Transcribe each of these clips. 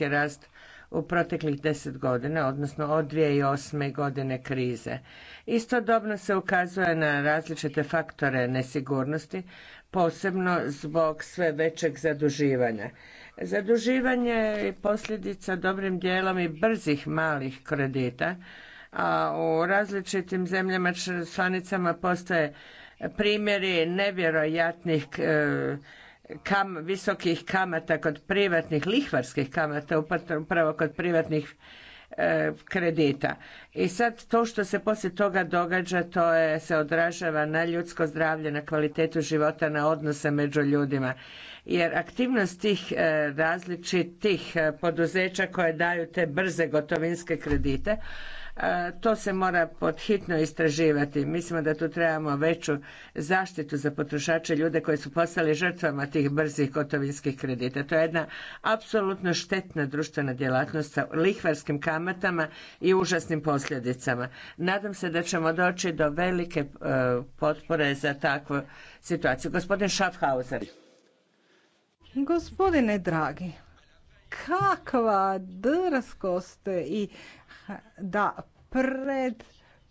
rast u proteklih deset godina, odnosno od 2008. godine krize. Istodobno se ukazuje na različite faktore nesigurnosti, posebno zbog sve većeg zaduživanja. Zaduživanje je posljedica dobrim dijelom i brzih malih kredita, a u različitim zemljama članicama postoje primjeri nevjerojatnih e, kam, visokih kamata kod privatnih lihvarskih kamata upravo kod privatnih e, kredita. I sad to što se poslije toga događa to je, se odražava na ljudsko zdravlje, na kvalitetu života, na odnose među ljudima. Jer aktivnost tih e, različitih e, poduzeća koje daju te brze gotovinske kredite E, to se mora pod hitno istraživati. Mislimo da tu trebamo veću zaštitu za potrošače, ljude koji su postali žrtvama tih brzih gotovinskih kredita. To je jedna apsolutno štetna društvena djelatnost sa lihvarskim kamatama i užasnim posljedicama. Nadam se da ćemo doći do velike e, potpore za takvu situaciju. Gospodin Schaffhauser. Gospodine dragi, kakva drskost i da pred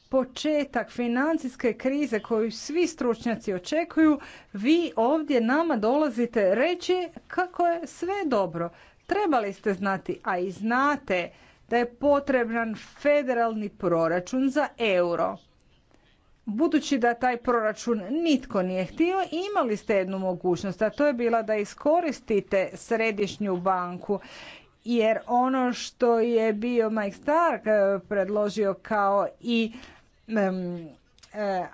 početak financijske krize koju svi stručnjaci očekuju, vi ovdje nama dolazite reći kako je sve dobro. Trebali ste znati, a i znate da je potreban federalni proračun za euro. Budući da taj proračun nitko nije htio, imali ste jednu mogućnost, a to je bila da iskoristite središnju banku jer ono što je bio Mike Stark eh, predložio kao i eh,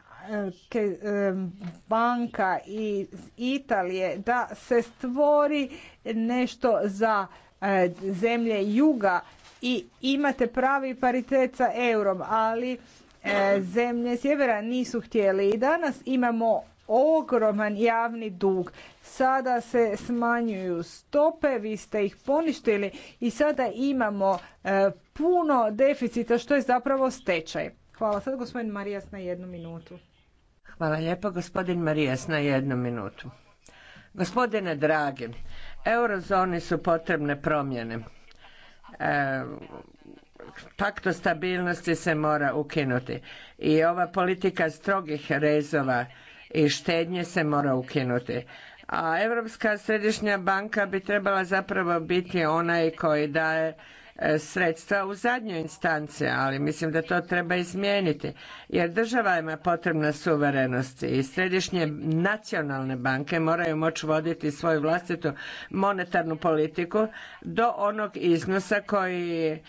banka iz Italije da se stvori nešto za eh, zemlje juga i imate pravi paritet sa eurom, ali E, zemlje sjevera nisu htjeli i danas imamo ogroman javni dug. Sada se smanjuju stope, vi ste ih poništili i sada imamo e, puno deficita što je zapravo stečaj. Hvala. Sad gospodin Marijas na jednu minutu. Hvala lijepo gospodin Marijas na jednu minutu. Gospodine dragi, eurozoni su potrebne promjene. E, pakt stabilnosti se mora ukinuti i ova politika strogih rezova i štednje se mora ukinuti. A Europska središnja banka bi trebala zapravo biti onaj koji daje e, sredstva u zadnjoj instanci, ali mislim da to treba izmijeniti. Jer država ima potrebna suverenost i središnje nacionalne banke moraju moći voditi svoju vlastitu monetarnu politiku do onog iznosa koji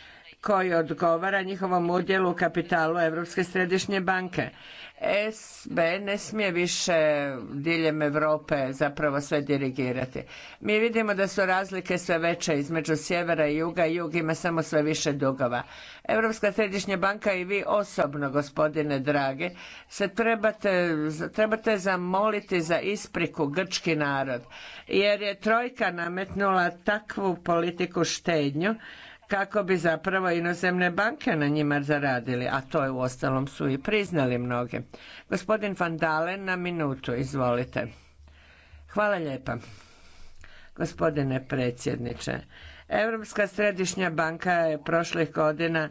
koji odgovara njihovom udjelu u kapitalu Europske središnje banke. SB ne smije više diljem Europe zapravo sve dirigirati. Mi vidimo da su razlike sve veće između sjevera i juga, jug ima samo sve više dugova. Europska središnja banka i vi osobno, gospodine drage, se trebate, trebate zamoliti za ispriku grčki narod, jer je trojka nametnula takvu politiku štednju kako bi zapravo inozemne banke na njima zaradili, a to je u ostalom su i priznali mnoge. Gospodin Van Dalen na minutu, izvolite. Hvala lijepa. Gospodine predsjedniče, Europska središnja banka je prošlih godina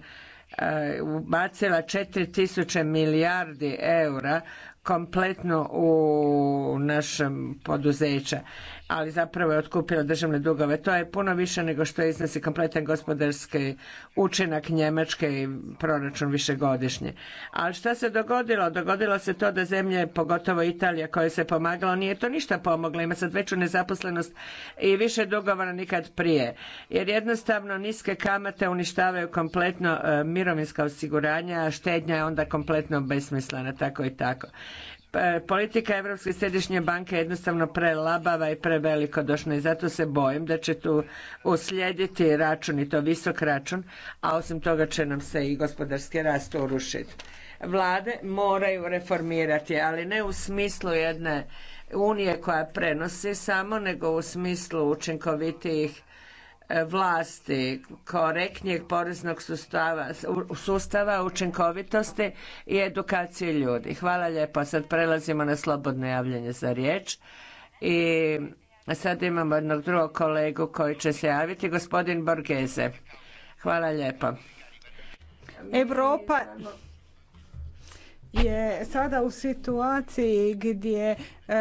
e, ubacila 4000 milijardi eura kompletno u našem poduzeća ali zapravo je otkupila državne dugove. To je puno više nego što iznosi kompletan gospodarski učinak Njemačke i proračun višegodišnje. Ali šta se dogodilo? Dogodilo se to da zemlje, pogotovo Italija koja se pomagala, nije to ništa pomogla. Ima sad veću nezaposlenost i više dugova nikad prije. Jer jednostavno niske kamate uništavaju kompletno e, mirovinska osiguranja, a štednja je onda kompletno besmislena, tako i tako. E, politika Europske središnje banke jednostavno prelabava i preveliko i zato se bojim da će tu uslijediti račun i to visok račun, a osim toga će nam se i gospodarski rast urušiti. Vlade moraju reformirati, ali ne u smislu jedne unije koja prenosi samo, nego u smislu učinkovitijih E, vlasti, korektnijeg poreznog sustava, sustava učinkovitosti i edukacije ljudi. Hvala lijepo. Sad prelazimo na slobodno javljanje za riječ. I sad imamo jednog drugog kolegu koji će se javiti, gospodin Borgeze. Hvala lijepo. Europa je sada u situaciji gdje e,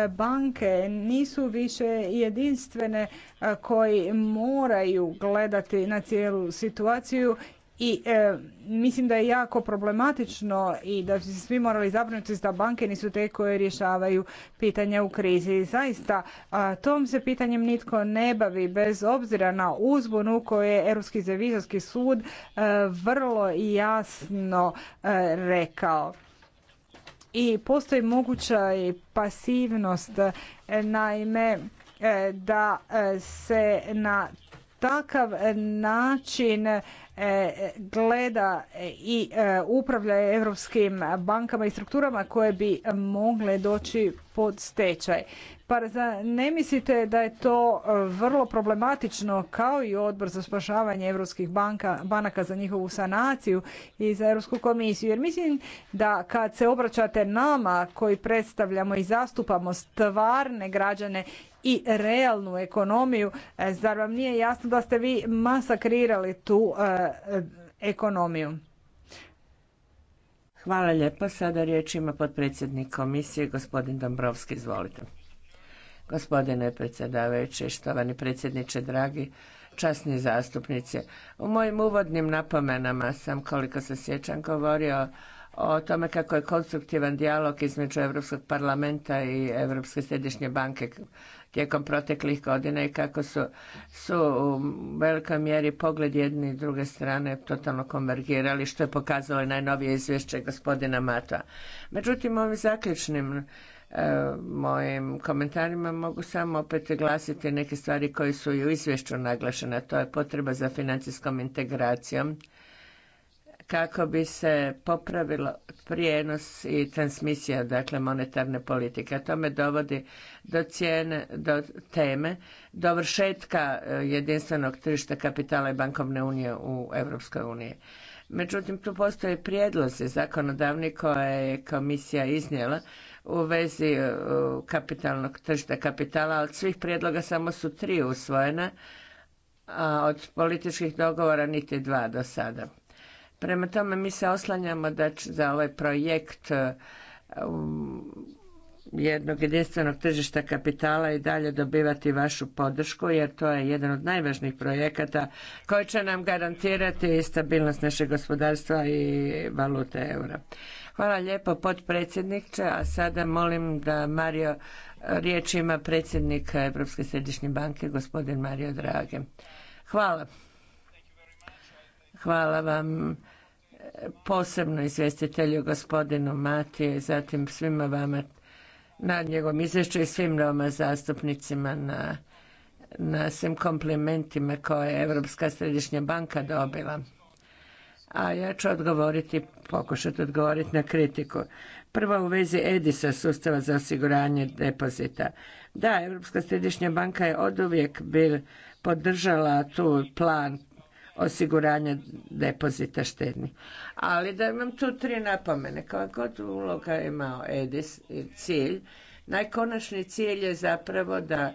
banke nisu više jedinstvene e, koji moraju gledati na cijelu situaciju i e, mislim da je jako problematično i da bi se svi morali zabrinuti da banke nisu te koje rješavaju pitanja u krizi. Zaista, a, tom se pitanjem nitko ne bavi bez obzira na uzbunu koje je Europski revizorski sud vrlo jasno rekao i postoji moguća i pasivnost naime e, da e, se na takav način e, gleda i e, upravlja europskim bankama i strukturama koje bi mogle doći pod stečaj. Pa ne mislite da je to e, vrlo problematično kao i odbor za spašavanje europskih banaka za njihovu sanaciju i za Europsku komisiju? Jer mislim da kad se obraćate nama koji predstavljamo i zastupamo stvarne građane i realnu ekonomiju. E, zar vam nije jasno da ste vi masakrirali tu e, ekonomiju? Hvala lijepo Sada riječ ima potpredsjednik komisije, gospodin Dombrovski. Izvolite. Gospodine predsjedavajući, štovani predsjedniče, dragi časni zastupnice. U mojim uvodnim napomenama sam, koliko se sjećam, govorio o tome kako je konstruktivan dijalog između Europskog parlamenta i Europske središnje banke tijekom proteklih godina i kako su, su u velikoj mjeri pogled jedne i druge strane totalno konvergirali, što je pokazalo i najnovije izvješće gospodina Mata. Međutim, ovim zaključnim e, mojim komentarima mogu samo opet glasiti neke stvari koje su i u izvješću naglašene, to je potreba za financijskom integracijom kako bi se popravilo prijenos i transmisija dakle monetarne politike. To me dovodi do cijene, do teme dovršetka eh, jedinstvenog tržišta kapitala i bankovne unije u Europskoj uniji. Međutim, tu postoje prijedlozi zakonodavni koje je komisija iznijela u vezi eh, kapitalnog tržišta kapitala. Od svih prijedloga samo su tri usvojena, a od političkih dogovora niti dva do sada. Prema tome mi se oslanjamo da za ovaj projekt e, jednog jedinstvenog tržišta kapitala i dalje dobivati vašu podršku jer to je jedan od najvažnijih projekata koji će nam garantirati stabilnost našeg gospodarstva i valute eura. Hvala lijepo potpredsjedniče, a sada molim da Mario riječ ima predsjednik Europske središnje banke gospodin Mario Drage. Hvala. Hvala vam e, posebno izvjestitelju gospodinu Matije, zatim svima vama na njegovom izvješću i svim novima zastupnicima na, svim komplimentima koje je Europska središnja banka dobila. A ja ću odgovoriti, pokušati odgovoriti na kritiku. Prvo u vezi EDISA sustava za osiguranje depozita. Da, Europska središnja banka je oduvijek bil podržala tu plan osiguranja depozita štednih. Ali da imam tu tri napomene. Kao god uloga imao EDIS cilj, najkonačni cilj je zapravo da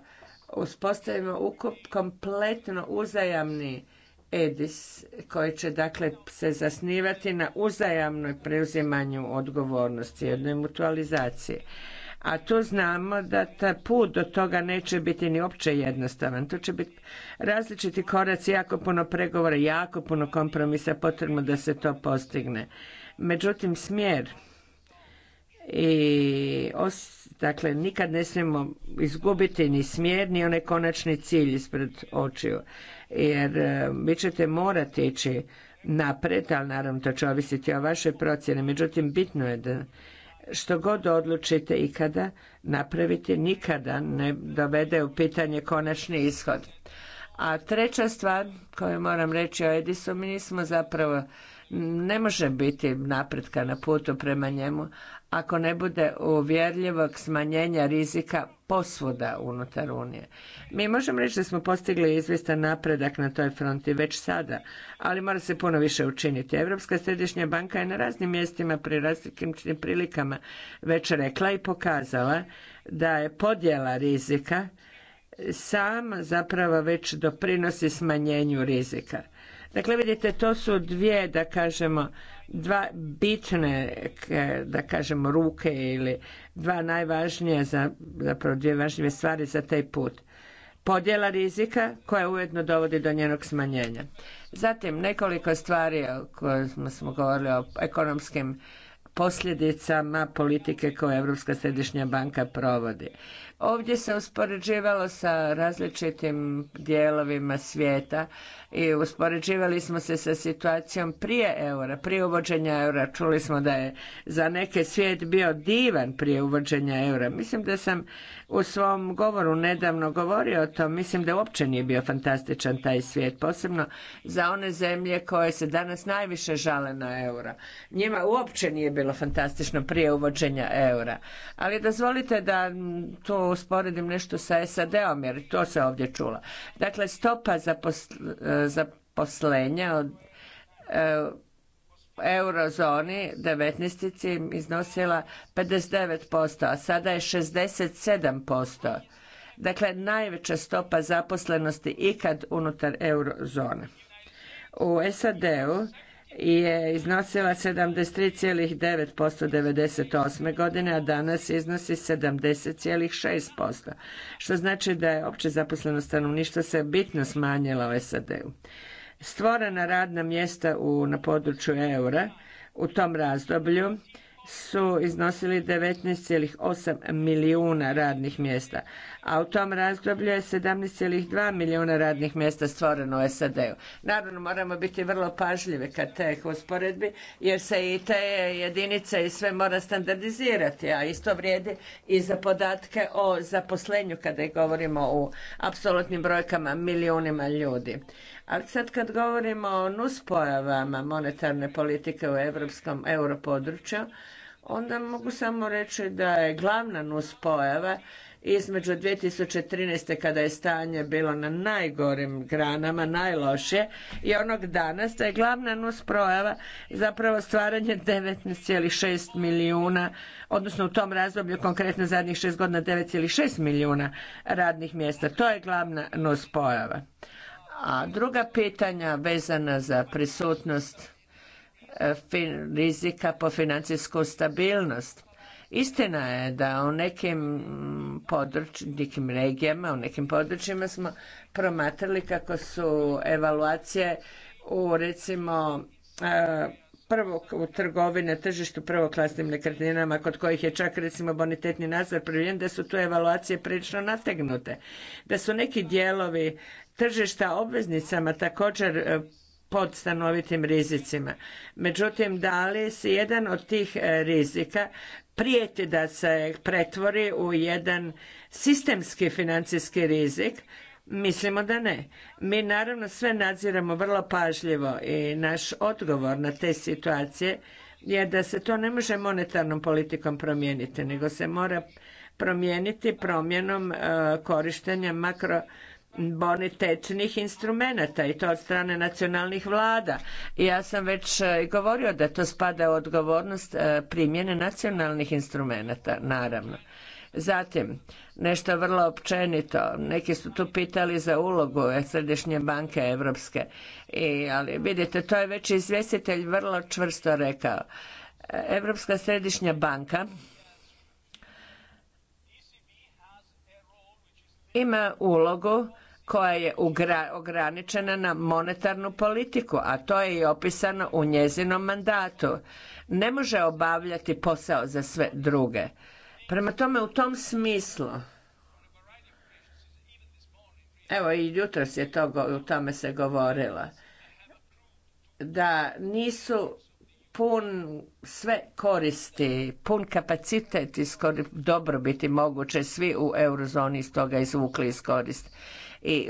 uspostavimo ukup kompletno uzajamni EDIS koji će dakle se zasnivati na uzajamnoj preuzimanju odgovornosti, jednoj mutualizaciji a tu znamo da ta put do toga neće biti ni opće jednostavan. To će biti različiti koraci, jako puno pregovora, jako puno kompromisa potrebno da se to postigne. Međutim, smjer i dakle nikad ne smijemo izgubiti ni smjer ni onaj konačni cilj ispred očiju jer e, vi ćete morati ići napred, ali naravno to će ovisiti o vašoj procjeni. Međutim, bitno je da što god odlučite ikada napraviti nikada ne dovede u pitanje konačni ishod. A treća stvar koju moram reći o Edisu, mi nismo zapravo, ne može biti napretka na putu prema njemu ako ne bude uvjerljivog smanjenja rizika posvuda unutar Unije. Mi možemo reći da smo postigli izvjestan napredak na toj fronti već sada, ali mora se puno više učiniti. Europska središnja banka je na raznim mjestima pri različitim prilikama već rekla i pokazala da je podjela rizika sam zapravo već doprinosi smanjenju rizika. Dakle, vidite, to su dvije, da kažemo, dva bitne, e, da kažem, ruke ili dva najvažnije, za, zapravo dvije važnije stvari za taj put. Podjela rizika koja ujedno dovodi do njenog smanjenja. Zatim nekoliko stvari o kojima smo govorili o ekonomskim posljedicama politike koje Europska središnja banka provodi. Ovdje se uspoređivalo sa različitim dijelovima svijeta i uspoređivali smo se sa situacijom prije eura, prije uvođenja eura. Čuli smo da je za neke svijet bio divan prije uvođenja eura. Mislim da sam u svom govoru nedavno govorio o tom. Mislim da uopće nije bio fantastičan taj svijet, posebno za one zemlje koje se danas najviše žale na eura. Njima uopće nije bilo fantastično prije uvođenja eura. Ali dozvolite da tu usporedim nešto sa SAD-om, jer to se ovdje čula. Dakle, stopa za zaposlenja od e, eurozoni 19. iznosila 59%, a sada je 67%. Dakle, najveća stopa zaposlenosti ikad unutar eurozone. U SAD-u je iznosila 73,9% 98. godine, a danas iznosi 70,6%, što znači da je opće zaposleno stanovništvo se bitno smanjilo u SAD-u. Stvorena radna mjesta u, na području eura u tom razdoblju su iznosili 19,8 milijuna radnih mjesta, a u tom razdoblju je 17,2 milijuna radnih mjesta stvoreno u SAD-u. Naravno, moramo biti vrlo pažljivi kad te usporedbi, jer se i te jedinice i sve mora standardizirati, a isto vrijedi i za podatke o zaposlenju kada govorimo o apsolutnim brojkama milijunima ljudi. Ali sad kad govorimo o nuspojavama monetarne politike u europskom europodručju, onda mogu samo reći da je glavna nuspojava između 2013. kada je stanje bilo na najgorim granama, najlošije, i onog danas da je glavna nuspojava zapravo stvaranje 19,6 milijuna, odnosno u tom razdoblju konkretno zadnjih šest godina 9,6 milijuna radnih mjesta. To je glavna nuspojava. A druga pitanja vezana za prisutnost e, rizika po financijsku stabilnost Istina je da u nekim područjima, nekim regijama, u nekim područjima smo promatrali kako su evaluacije u recimo e, u trgovine, tržištu prvoklasnim nekretninama kod kojih je čak recimo bonitetni nadzor provjeren da su tu evaluacije prilično nategnute. Da su neki dijelovi tržišta obveznicama također e, pod stanovitim rizicima. Međutim, da li se jedan od tih e, rizika prijeti da se pretvori u jedan sistemski financijski rizik, Mislimo da ne. Mi naravno sve nadziramo vrlo pažljivo i naš odgovor na te situacije je da se to ne može monetarnom politikom promijeniti, nego se mora promijeniti promjenom e, korištenja makro bonitetnih instrumenata i to od strane nacionalnih vlada. ja sam već e, govorio da to spada u odgovornost e, primjene nacionalnih instrumenata, naravno. Zatim, nešto vrlo općenito, neki su tu pitali za ulogu Središnje banke Evropske, I, ali vidite, to je već izvjestitelj vrlo čvrsto rekao. Europska središnja banka ima ulogu koja je ograničena na monetarnu politiku, a to je i opisano u njezinom mandatu. Ne može obavljati posao za sve druge. Prema tome u tom smislu Evo i jutros je to, u tome se govorilo. Da nisu pun sve koristi, pun kapacitet iskor, dobro biti moguće svi u eurozoni iz toga izvukli koristi i,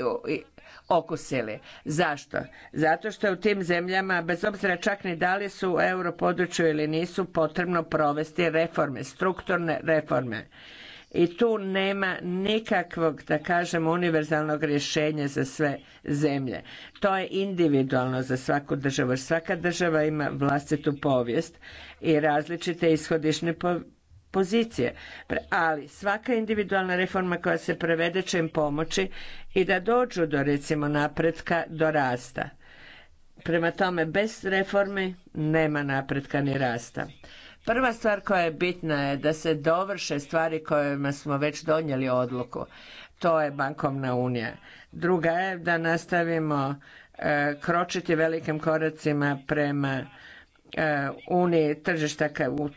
okusili. Zašto? Zato što je u tim zemljama, bez obzira čak ni da li su u europodručju ili nisu, potrebno provesti reforme, strukturne reforme. I tu nema nikakvog, da kažem, univerzalnog rješenja za sve zemlje. To je individualno za svaku državu. Svaka država ima vlastitu povijest i različite ishodišne pozicije. Ali svaka individualna reforma koja se prevede će im pomoći i da dođu do recimo napretka, do rasta. Prema tome, bez reformi nema napretka ni rasta. Prva stvar koja je bitna je da se dovrše stvari kojima smo već donijeli odluku. To je bankovna unija. Druga je da nastavimo e, kročiti velikim koracima prema E, unije tržišta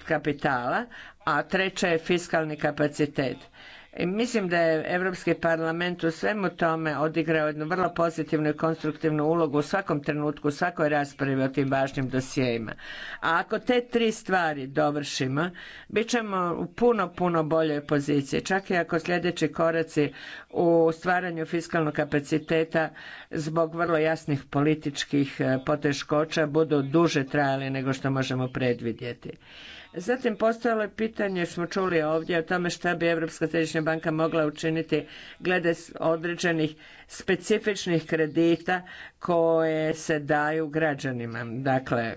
kapitala, a treća je fiskalni kapacitet. Mislim da je Europski parlament u svemu tome odigrao jednu vrlo pozitivnu i konstruktivnu ulogu u svakom trenutku, u svakoj raspravi o tim važnim dosijejima. A ako te tri stvari dovršimo, bit ćemo u puno, puno boljoj poziciji. Čak i ako sljedeći koraci u stvaranju fiskalnog kapaciteta zbog vrlo jasnih političkih eh, poteškoća budu duže trajali nego što možemo predvidjeti. Zatim postojalo je pitanje, smo čuli ovdje, o tome šta bi Europska središnja banka mogla učiniti glede određenih specifičnih kredita koje se daju građanima. Dakle,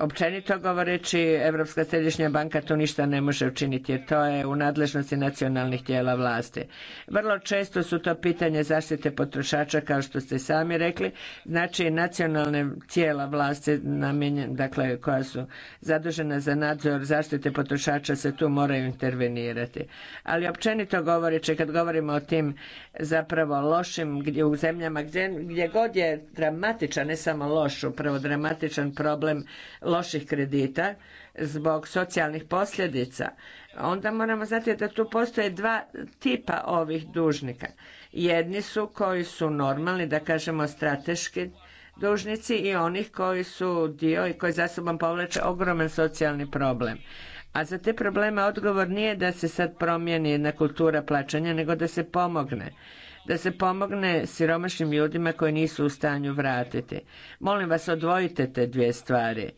općenito govoreći, Europska središnja banka tu ništa ne može učiniti jer to je u nadležnosti nacionalnih tijela vlasti. Vrlo često su to pitanje zaštite potrošača kao što ste sami rekli, znači nacionalne tijela vlasti namijenjen, dakle koja su zadužena za nadzor zaštite potrošača se tu moraju intervenirati. Ali općenito govoreći kad govorimo o tim zapravo lošim gdje, u zemljama gdje, gdje god je dramatičan, ne samo loš, upravo dramatičan problem loših kredita, zbog socijalnih posljedica, onda moramo znati da tu postoje dva tipa ovih dužnika. Jedni su koji su normalni, da kažemo strateški dužnici i onih koji su dio i koji za sobom povlače ogroman socijalni problem. A za te probleme odgovor nije da se sad promijeni jedna kultura plaćanja, nego da se pomogne da se pomogne siromašnim ljudima koji nisu u stanju vratiti. Molim vas, odvojite te dvije stvari.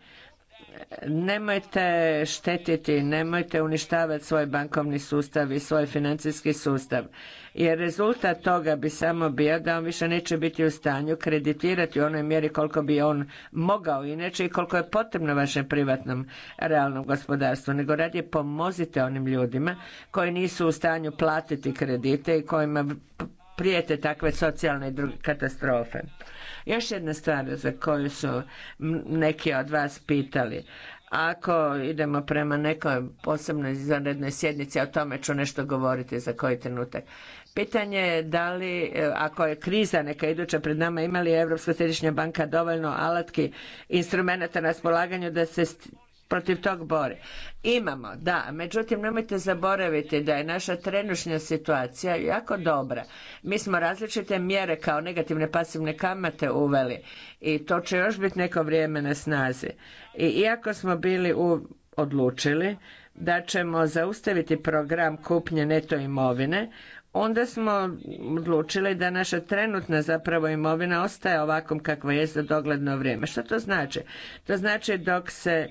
Nemojte štetiti, nemojte uništavati svoj bankovni sustav i svoj financijski sustav, jer rezultat toga bi samo bio da on više neće biti u stanju kreditirati u onoj mjeri koliko bi on mogao inače i koliko je potrebno vašem privatnom realnom gospodarstvu, nego radije pomozite onim ljudima koji nisu u stanju platiti kredite i kojima prijete takve socijalne katastrofe. Još jedna stvar za koju su neki od vas pitali. Ako idemo prema nekoj posebnoj izvanrednoj sjednici, o tome ću nešto govoriti za koji trenutak. Pitanje je da li, e, ako je kriza neka iduća pred nama, ima li Europska središnja banka dovoljno alatki instrumenta na raspolaganju da se protiv tog bore. Imamo, da, međutim nemojte zaboraviti da je naša trenušnja situacija jako dobra. Mi smo različite mjere kao negativne pasivne kamate uveli i to će još biti neko vrijeme na snazi. I iako smo bili u, odlučili da ćemo zaustaviti program kupnje neto imovine, onda smo odlučili da naša trenutna zapravo imovina ostaje ovakvom kakva je za dogledno vrijeme. Što to znači? To znači dok se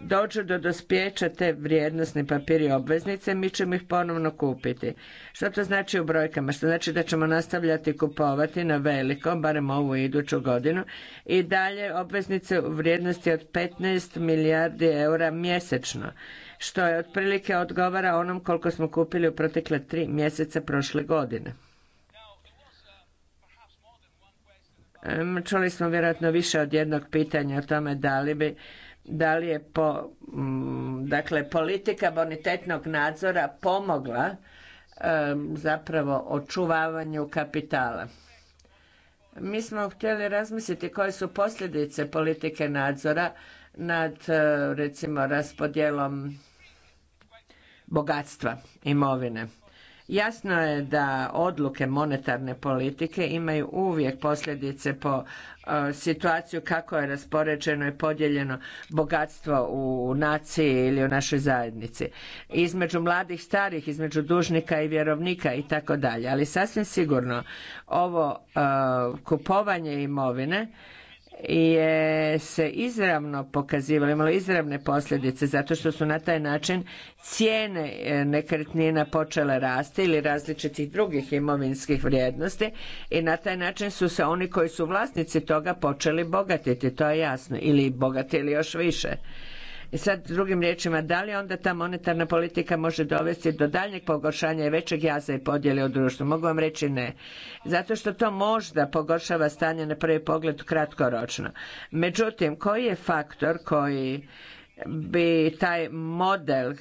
dođu do dospjeća te vrijednosni papiri obveznice, mi ćemo ih ponovno kupiti. Što to znači u brojkama? Što znači da ćemo nastavljati kupovati na velikom, barem ovu iduću godinu, i dalje obveznice u vrijednosti od 15 milijardi eura mjesečno što je otprilike odgovara onom koliko smo kupili u protekle tri mjeseca prošle godine. Čuli smo vjerojatno više od jednog pitanja o tome da li bi da li je mm, dakle, politika bonitetnog nadzora pomogla zapravo očuvavanju kapitala. Mi smo htjeli razmisliti koje su posljedice politike nadzora nad eh, recimo raspodjelom bogatstva, imovine. Jasno je da odluke monetarne politike imaju uvijek posljedice po e, situaciju kako je raspoređeno i podijeljeno bogatstvo u naciji ili u našoj zajednici. Između mladih, starih, između dužnika i vjerovnika i tako dalje. Ali sasvim sigurno ovo e, kupovanje imovine je se izravno pokazivalo, imalo izravne posljedice zato što su na taj način cijene e, nekretnina počele rasti ili različitih drugih imovinskih vrijednosti i na taj način su se oni koji su vlasnici toga počeli bogatiti, to je jasno, ili bogatili još više. I sad drugim riječima, da li onda ta monetarna politika može dovesti do daljnjeg pogoršanja i većeg jaza i podjele u društvu? Mogu vam reći ne. Zato što to možda pogoršava stanje na prvi pogled kratkoročno. Međutim, koji je faktor koji bi taj model e,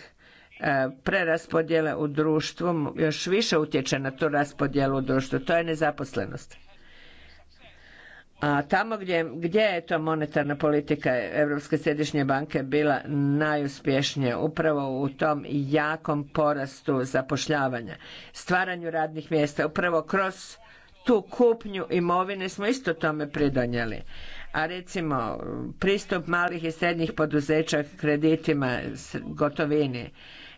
preraspodjele u društvu još više utječe na tu raspodjelu u društvu? To je nezaposlenost. A tamo gdje, gdje je to monetarna politika Europske središnje banke bila najuspješnija, upravo u tom jakom porastu zapošljavanja, stvaranju radnih mjesta, upravo kroz tu kupnju imovine smo isto tome pridonijeli. A recimo pristup malih i srednjih poduzeća kreditima gotovini,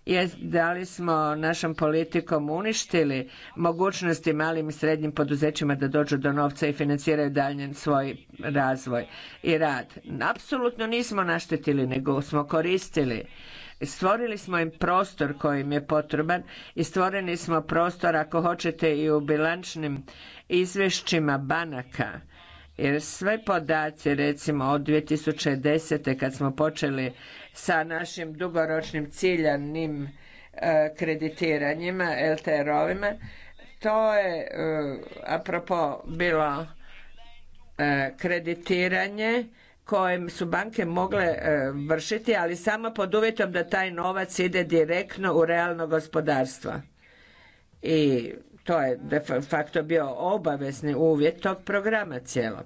je da li smo našom politikom uništili mogućnosti malim i srednjim poduzećima da dođu do novca i financiraju daljnji svoj razvoj i rad. Apsolutno nismo naštetili nego smo koristili stvorili smo im prostor koji im je potreban i stvorili smo prostor ako hoćete i u bilančnim izvješćima banaka jer sve podaci recimo od 2010. kad smo počeli sa našim dugoročnim ciljanim e, kreditiranjima, LTR-ovima. To je, e, apropo, bilo e, kreditiranje koje su banke mogle vršiti, ali samo pod uvjetom da taj novac ide direktno u realno gospodarstvo. I to je de facto bio obavezni uvjet tog programa cijelog.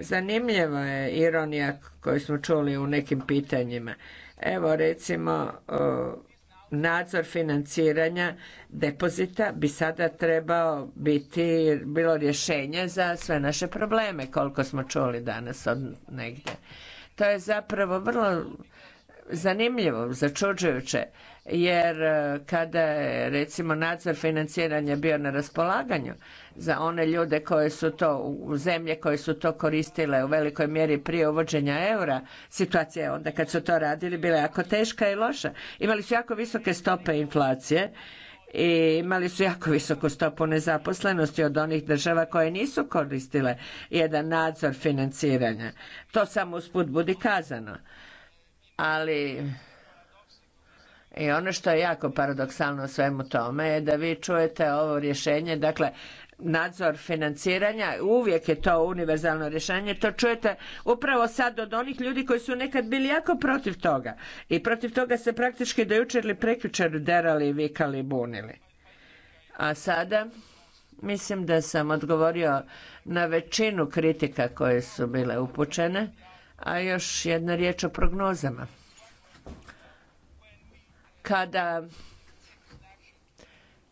Zanimljiva je ironija koju smo čuli u nekim pitanjima. Evo recimo nadzor financiranja depozita bi sada trebao biti bilo rješenje za sve naše probleme koliko smo čuli danas od negdje. To je zapravo vrlo zanimljivo, začuđujuće jer e, kada je recimo nadzor financiranja bio na raspolaganju za one ljude koje su to, u zemlje koje su to koristile u velikoj mjeri prije uvođenja eura, situacija je onda kad su to radili bila jako teška i loša. Imali su jako visoke stope inflacije i imali su jako visoku stopu nezaposlenosti od onih država koje nisu koristile jedan nadzor financiranja. To samo usput budi kazano. Ali i e, ono što je jako paradoksalno u svemu tome je da vi čujete ovo rješenje, dakle nadzor financiranja, uvijek je to univerzalno rješenje, to čujete upravo sad od onih ljudi koji su nekad bili jako protiv toga. I protiv toga se praktički do jučer ili prekjučer derali, vikali, bunili. A sada mislim da sam odgovorio na većinu kritika koje su bile upućene, a još jedna riječ o prognozama kada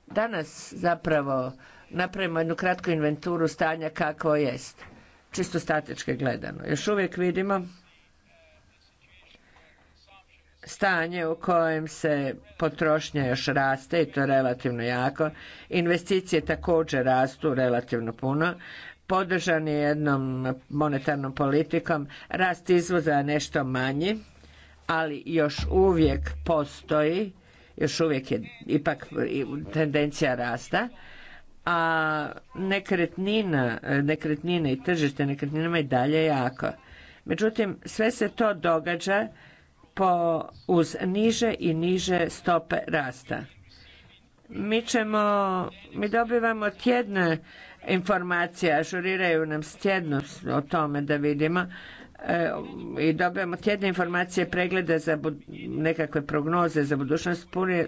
danas zapravo napravimo jednu kratku inventuru stanja kakvo jest, čisto statički gledano. Još uvijek vidimo stanje u kojem se potrošnja još raste i to relativno jako. Investicije također rastu relativno puno. Podržani jednom monetarnom politikom. Rast izvoza je nešto manji ali još uvijek postoji, još uvijek je ipak tendencija rasta, a nekretnina, nekretnine i tržište nekretninama i dalje jako. Međutim, sve se to događa po, uz niže i niže stope rasta. Mi ćemo, mi dobivamo tjedne informacije, ažuriraju nam tjedno o tome da vidimo E, i dobijamo tjedne informacije preglede za nekakve prognoze za budućnost puni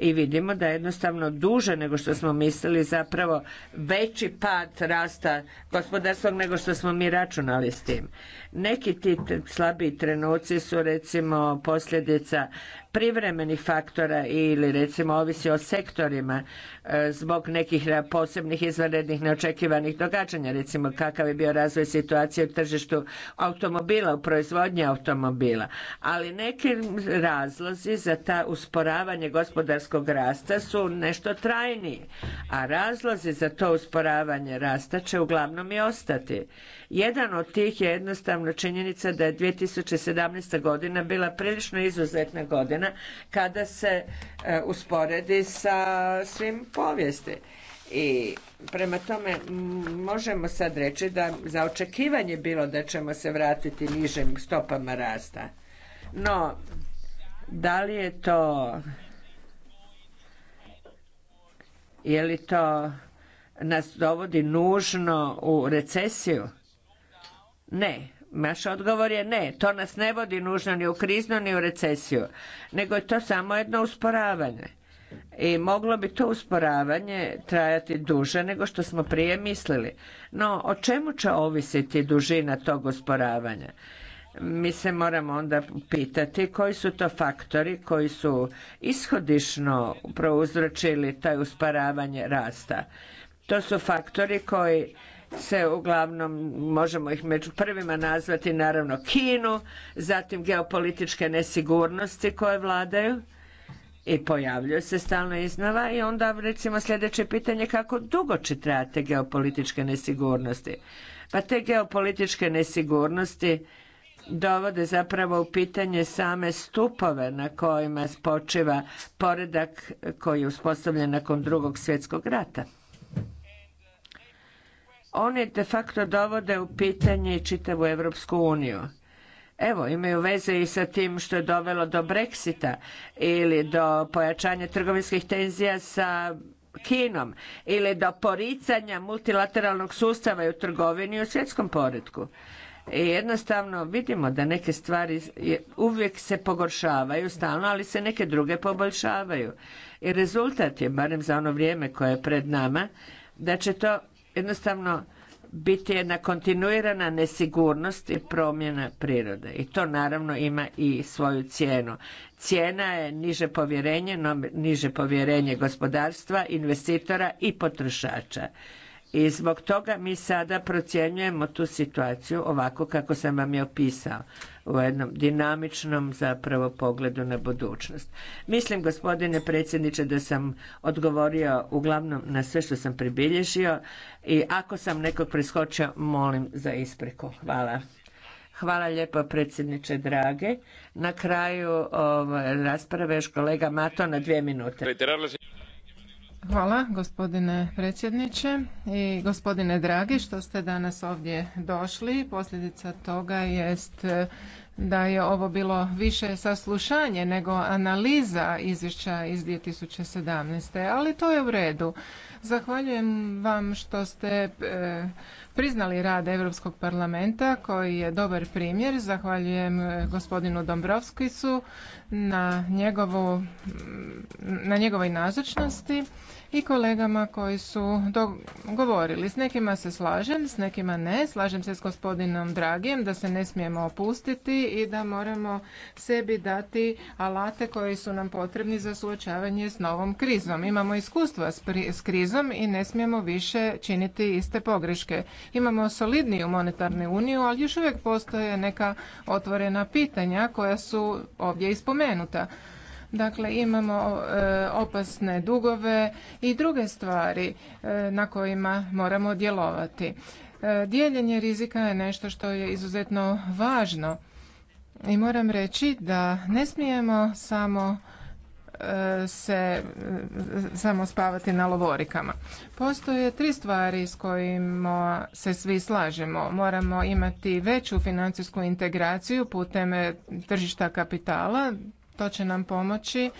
i vidimo da je jednostavno duže nego što smo mislili zapravo veći pad rasta gospodarstva nego što smo mi računali s tim. Neki ti slabiji trenuci su recimo posljedica privremenih faktora ili recimo ovisi o sektorima e, zbog nekih posebnih izvanrednih neočekivanih događanja, recimo kakav je bio razvoj situacije u tržištu automobila, u proizvodnji automobila. Ali neki razlozi za ta usporavanje gospodarskog rasta su nešto trajniji, a razlozi za to usporavanje rasta će uglavnom i ostati. Jedan od tih je jednostavno činjenica da je 2017. godina bila prilično izuzetna godina kada se e, usporedi sa svim povijesti. I prema tome možemo sad reći da za očekivanje bilo da ćemo se vratiti nižim stopama rasta. No, da li je to je li to nas dovodi nužno u recesiju? Ne, naš odgovor je ne, to nas ne vodi nužno ni u kriznu ni u recesiju, nego je to samo jedno usporavanje. I moglo bi to usporavanje trajati duže nego što smo prije mislili. No, o čemu će ovisiti dužina tog usporavanja? Mi se moramo onda pitati koji su to faktori koji su ishodišno prouzročili taj usporavanje rasta. To su faktori koji se uglavnom možemo ih među prvima nazvati naravno Kinu, zatim geopolitičke nesigurnosti koje vladaju i pojavljuju se stalno iznova i onda recimo sljedeće pitanje kako dugo će trajati geopolitičke nesigurnosti. Pa te geopolitičke nesigurnosti dovode zapravo u pitanje same stupove na kojima spočiva poredak koji je uspostavljen nakon drugog svjetskog rata. Oni de facto dovode u pitanje čitavu Europsku uniju. Evo, imaju veze i sa tim što je dovelo do Brexita ili do pojačanja trgovinskih tenzija sa Kinom ili do poricanja multilateralnog sustava i u trgovini i u svjetskom poredku. I jednostavno vidimo da neke stvari uvijek se pogoršavaju stalno, ali se neke druge poboljšavaju. I rezultat je, barem za ono vrijeme koje je pred nama, da će to jednostavno biti jedna kontinuirana nesigurnost i promjena prirode. I to naravno ima i svoju cijenu. Cijena je niže povjerenje, niže povjerenje gospodarstva, investitora i potrošača. I zbog toga mi sada procjenjujemo tu situaciju ovako kako sam vam je opisao u jednom dinamičnom zapravo pogledu na budućnost. Mislim, gospodine predsjedniče, da sam odgovorio uglavnom na sve što sam pribilježio i ako sam nekog preskočio, molim za ispriku. Hvala. Hvala lijepo predsjedniče Drage. Na kraju ovaj, rasprave još kolega Mato na dvije minute. Hvala gospodine predsjedniče i gospodine dragi što ste danas ovdje došli. Posljedica toga jest eh, da je ovo bilo više saslušanje nego analiza izvješća iz 2017. ali to je u redu. Zahvaljujem vam što ste eh, priznali rad Europskog parlamenta koji je dobar primjer. Zahvaljujem eh, gospodinu Dombrovskisu na, na njegovoj nazočnosti i kolegama koji su govorili. S nekima se slažem, s nekima ne. Slažem se s gospodinom Dragijem da se ne smijemo opustiti i da moramo sebi dati alate koji su nam potrebni za suočavanje s novom krizom. Imamo iskustva s, s krizom i ne smijemo više činiti iste pogreške. Imamo solidniju monetarnu uniju, ali još uvijek postoje neka otvorena pitanja koja su ovdje ispomenuta. Dakle, imamo e, opasne dugove i druge stvari e, na kojima moramo djelovati. E, dijeljenje rizika je nešto što je izuzetno važno i moram reći da ne smijemo samo se samo spavati na lovorikama. Postoje tri stvari s kojima se svi slažemo. Moramo imati veću financijsku integraciju putem tržišta kapitala, to će nam pomoći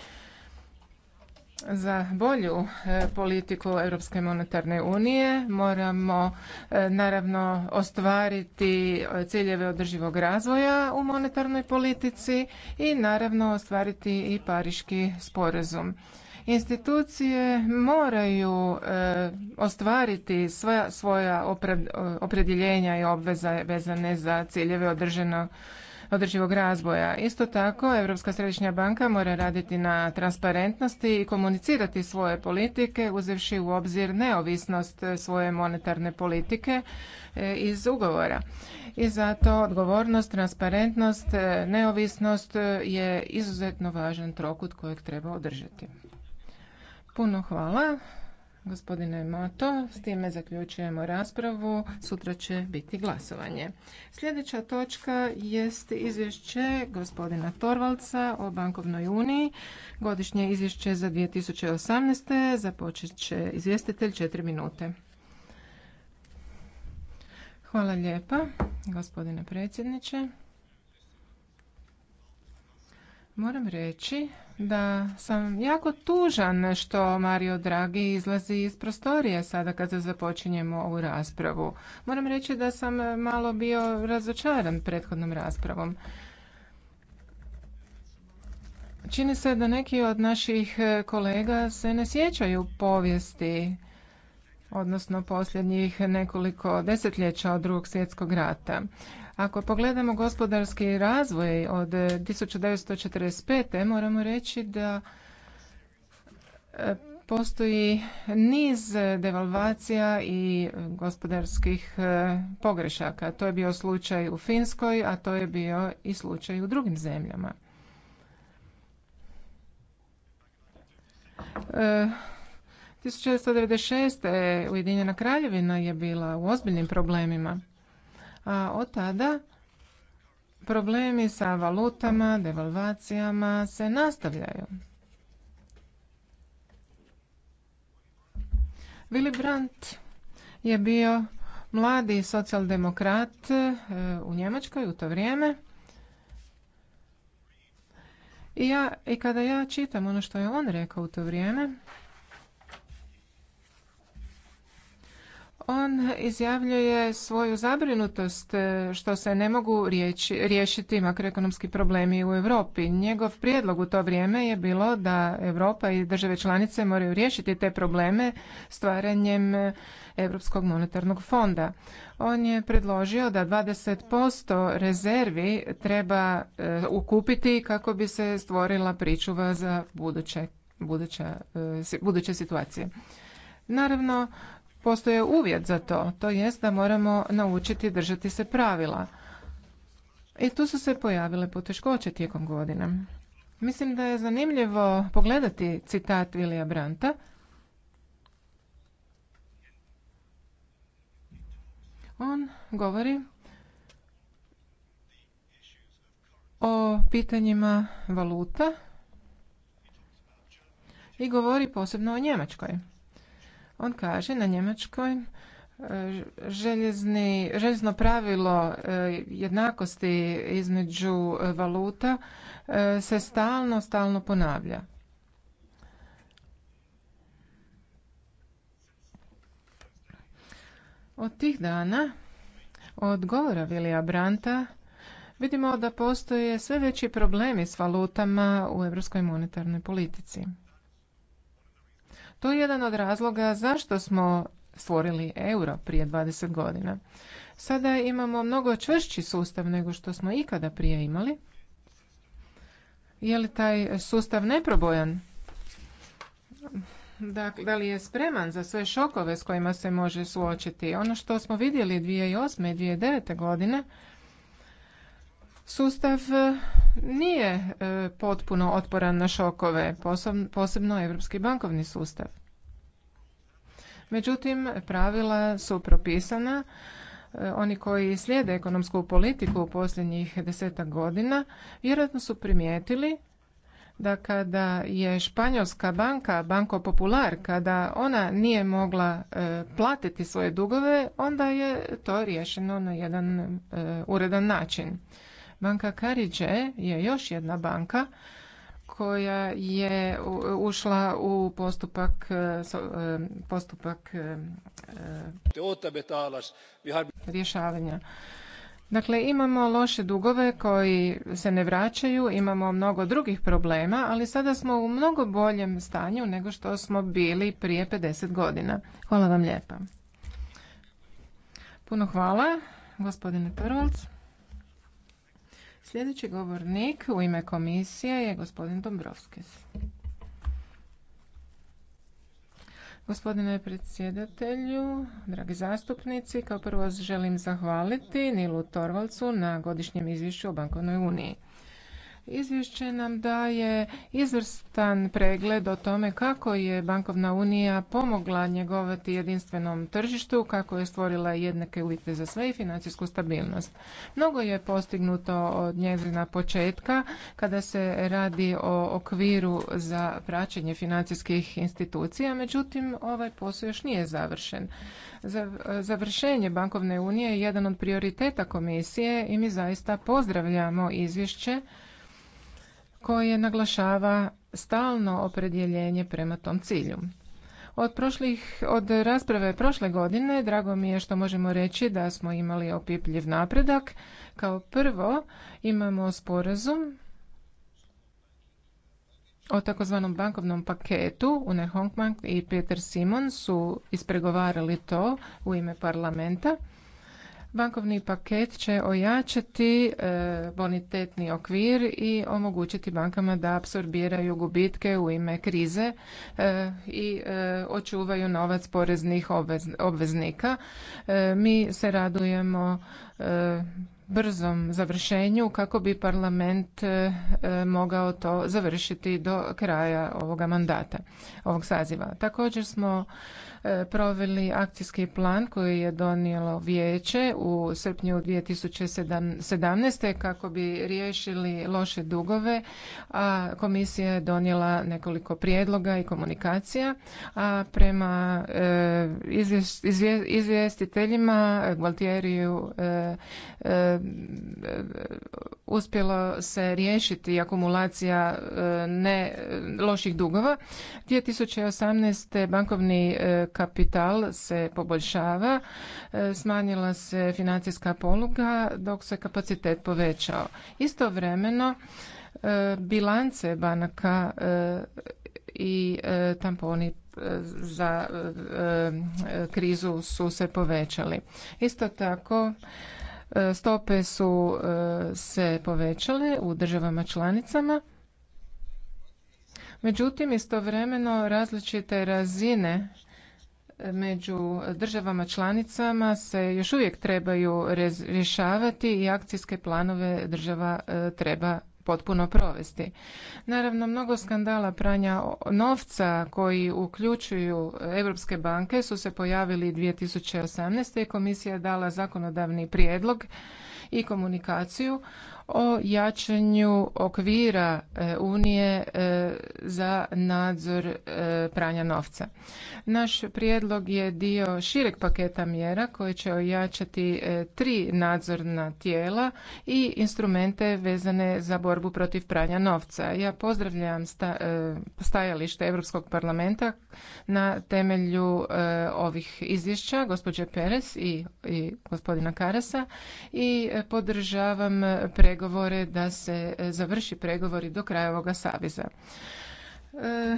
za bolju e, politiku Europske monetarne unije moramo e, naravno ostvariti e, ciljeve održivog razvoja u monetarnoj politici i naravno ostvariti i pariški sporazum. Institucije moraju ostvariti sva svoja opredjeljenja i obveze vezane za ciljeve razvoja održivog razvoja. Isto tako, Europska središnja banka mora raditi na transparentnosti i komunicirati svoje politike uzevši u obzir neovisnost svoje monetarne politike e, iz ugovora. I zato odgovornost, transparentnost, e, neovisnost e, je izuzetno važan trokut kojeg treba održati. Puno hvala gospodine Mato. S time zaključujemo raspravu. Sutra će biti glasovanje. Sljedeća točka jest izvješće gospodina Torvalca o bankovnoj uniji. Godišnje izvješće za 2018. započet će izvjestitelj 4 minute. Hvala lijepa, gospodine predsjedniče. Moram reći da sam jako tužan što Mario Draghi izlazi iz prostorije sada kada započinjemo ovu raspravu. Moram reći da sam malo bio razočaran prethodnom raspravom. Čini se da neki od naših kolega se ne sjećaju povijesti, odnosno posljednjih nekoliko desetljeća od drugog svjetskog rata. Ako pogledamo gospodarski razvoj od 1945. moramo reći da e, postoji niz devalvacija i gospodarskih e, pogrešaka. To je bio slučaj u Finskoj, a to je bio i slučaj u drugim zemljama. E, 1996. Ujedinjena kraljevina je bila u ozbiljnim problemima. A od tada problemi sa valutama, devalvacijama se nastavljaju. Willy Brandt je bio mladi socijaldemokrat e, u Njemačkoj u to vrijeme. I, ja, I kada ja čitam ono što je on rekao u to vrijeme, on izjavljuje svoju zabrinutost e, što se ne mogu riješiti makroekonomski problemi u Europi. Njegov prijedlog u to vrijeme je bilo da Europa i države članice moraju riješiti te probleme stvaranjem Europskog monetarnog fonda. On je predložio da 20% rezervi treba e, ukupiti kako bi se stvorila pričuva za buduće, e, buduće situacije. Naravno, postoje uvjet za to, to jest da moramo naučiti držati se pravila. I tu su se pojavile poteškoće tijekom godina. Mislim da je zanimljivo pogledati citat Vilija Branta. On govori o pitanjima valuta i govori posebno o Njemačkoj. On kaže na njemačkoj e, željezni, željezno pravilo e, jednakosti između e, valuta se stalno, stalno ponavlja. Od tih dana, od govora Vilija Branta, vidimo da postoje sve veći problemi s valutama u europskoj monetarnoj politici. To je jedan od razloga zašto smo stvorili euro prije 20 godina. Sada imamo mnogo čvršći sustav nego što smo ikada prije imali. Je li taj sustav neprobojan? Dakle, da li je spreman za sve šokove s kojima se može suočiti? Ono što smo vidjeli 2008. i 2009. godine Sustav e, nije e, potpuno otporan na šokove, posebno europski bankovni sustav. Međutim, pravila su propisana. E, oni koji slijede ekonomsku politiku u posljednjih desetak godina vjerojatno su primijetili da kada je španjolska banka Banco Popular kada ona nije mogla platiti svoje dugove onda je to riješeno na jedan uredan način. Banka Kariđe je još jedna banka koja je ušla u postupak e, e, postupak e, rješavanja. Dakle, imamo loše dugove koji se ne vraćaju, imamo mnogo drugih problema, ali sada smo u mnogo boljem stanju nego što smo bili prije 50 godina. Hvala vam lijepa. Puno hvala, gospodine Perolc. Sljedeći govornik u ime komisije je gospodin Dombrovskis. Gospodine predsjedatelju, dragi zastupnici, kao prvo želim zahvaliti Nilu Torvalcu na godišnjem izvješću o bankovnoj uniji. Izvješće nam daje izvrstan pregled o tome kako je bankovna unija pomogla njegovati jedinstvenom tržištu, kako je stvorila jednake uvjete za sve i financijsku stabilnost. Mnogo je postignuto od njezina početka kada se radi o okviru za praćenje financijskih institucija, međutim ovaj posao još nije završen. Završenje bankovne unije je jedan od prioriteta komisije i mi zaista pozdravljamo izvješće koje naglašava stalno opredjeljenje prema tom cilju. Od, prošlih, od rasprave prošle godine drago mi je što možemo reći da smo imali opipljiv napredak. Kao prvo imamo sporazum o takozvanom bankovnom paketu. Une Hongman i Peter Simon su ispregovarali to u ime parlamenta. Bankovni paket će ojačati e, bonitetni okvir i omogućiti bankama da apsorbiraju gubitke u ime krize e, i e, očuvaju novac poreznih obveznika. Mi se radujemo brzom završenju kako bi parlament e, e, mogao to završiti do kraja ovoga mandata, ovog saziva. Također smo e, proveli akcijski plan koji je donijelo vijeće u srpnju 2017. kako bi riješili loše dugove, a komisija je donijela nekoliko prijedloga i komunikacija, a prema izvjestiteljima Gualtieriju uspjelo se riješiti akumulacija e, ne e, loših dugova. 2018. bankovni e, kapital se poboljšava, smanjila se financijska poluga dok se kapacitet povećao. Istovremeno bilance banaka i tamponi za krizu su se povećali. Isto tako E, stope su e, se povećale u državama članicama. Međutim, istovremeno različite razine e, među državama članicama se još uvijek trebaju rješavati i akcijske planove država treba potpuno provesti. Naravno, mnogo skandala pranja novca koji uključuju europske banke su se pojavili 2018. komisija je dala zakonodavni prijedlog i komunikaciju o jačanju okvira e, Unije e, za nadzor e, pranja novca. Naš prijedlog je dio šireg paketa mjera koje će ojačati tri nadzorna tijela i instrumente vezane za borbu protiv pranja novca. Ja pozdravljam stajalište Europskog parlamenta na temelju ovih izvješća gospođe Peres i gospodina Karasa i podržavam pregled pregovore da se e, završi pregovori do kraja ovoga saveza. E,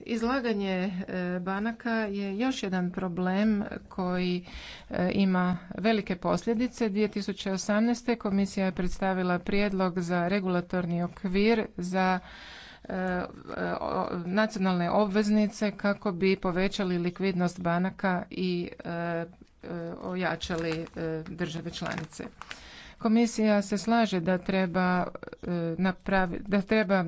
izlaganje e, banaka je još jedan problem koji ima velike posljedice. 2018. komisija je predstavila prijedlog za regulatorni okvir za nacionalne obveznice kako bi povećali likvidnost banaka i ojačali države članice. Komisija se slaže da treba e, napravi, da treba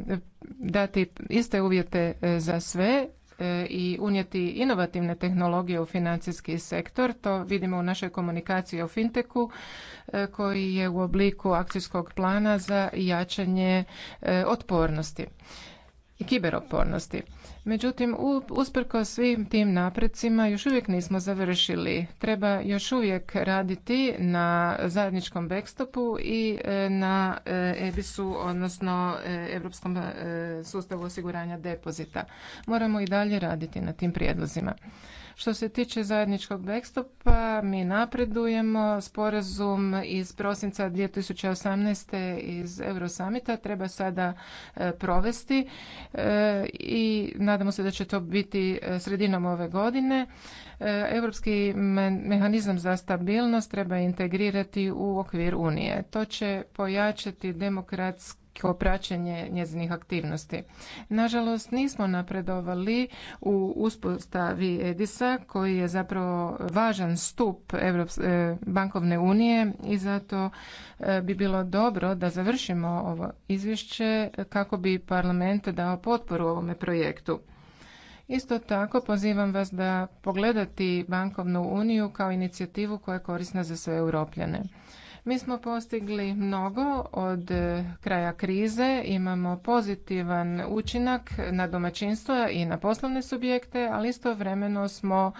dati iste uvjete e, za sve e, i unijeti inovativne tehnologije u financijski sektor. To vidimo u našoj komunikaciji o finteku koji je u obliku akcijskog plana za jačanje otpornosti i kiberopornosti. Međutim, usprko svim tim naprecima još uvijek nismo završili. Treba još uvijek raditi na zajedničkom backstopu i e, na e, EBIS-u, odnosno e, Europskom sustavu osiguranja depozita. Moramo i dalje raditi na tim prijedlozima. Što se tiče zajedničkog backstopa, mi napredujemo. Sporazum iz prosinca 2018. iz Eurosamita treba sada e, provesti e, i nadamo se da će to biti e, sredinom ove godine. Europski mehanizam za stabilnost treba integrirati u okvir Unije. To će pojačati demokratski kao praćenje njezinih aktivnosti. Nažalost, nismo napredovali u uspostavi Edisa koji je zapravo važan stup e, bankovne unije i zato e, bi bilo dobro da završimo ovo izvješće kako bi parlament dao potporu ovome projektu. Isto tako pozivam vas da pogledati bankovnu uniju kao inicijativu koja je korisna za sve europljane. Mi smo postigli mnogo od e, kraja krize, imamo pozitivan učinak na domaćinstva i na poslovne subjekte, ali istovremeno smo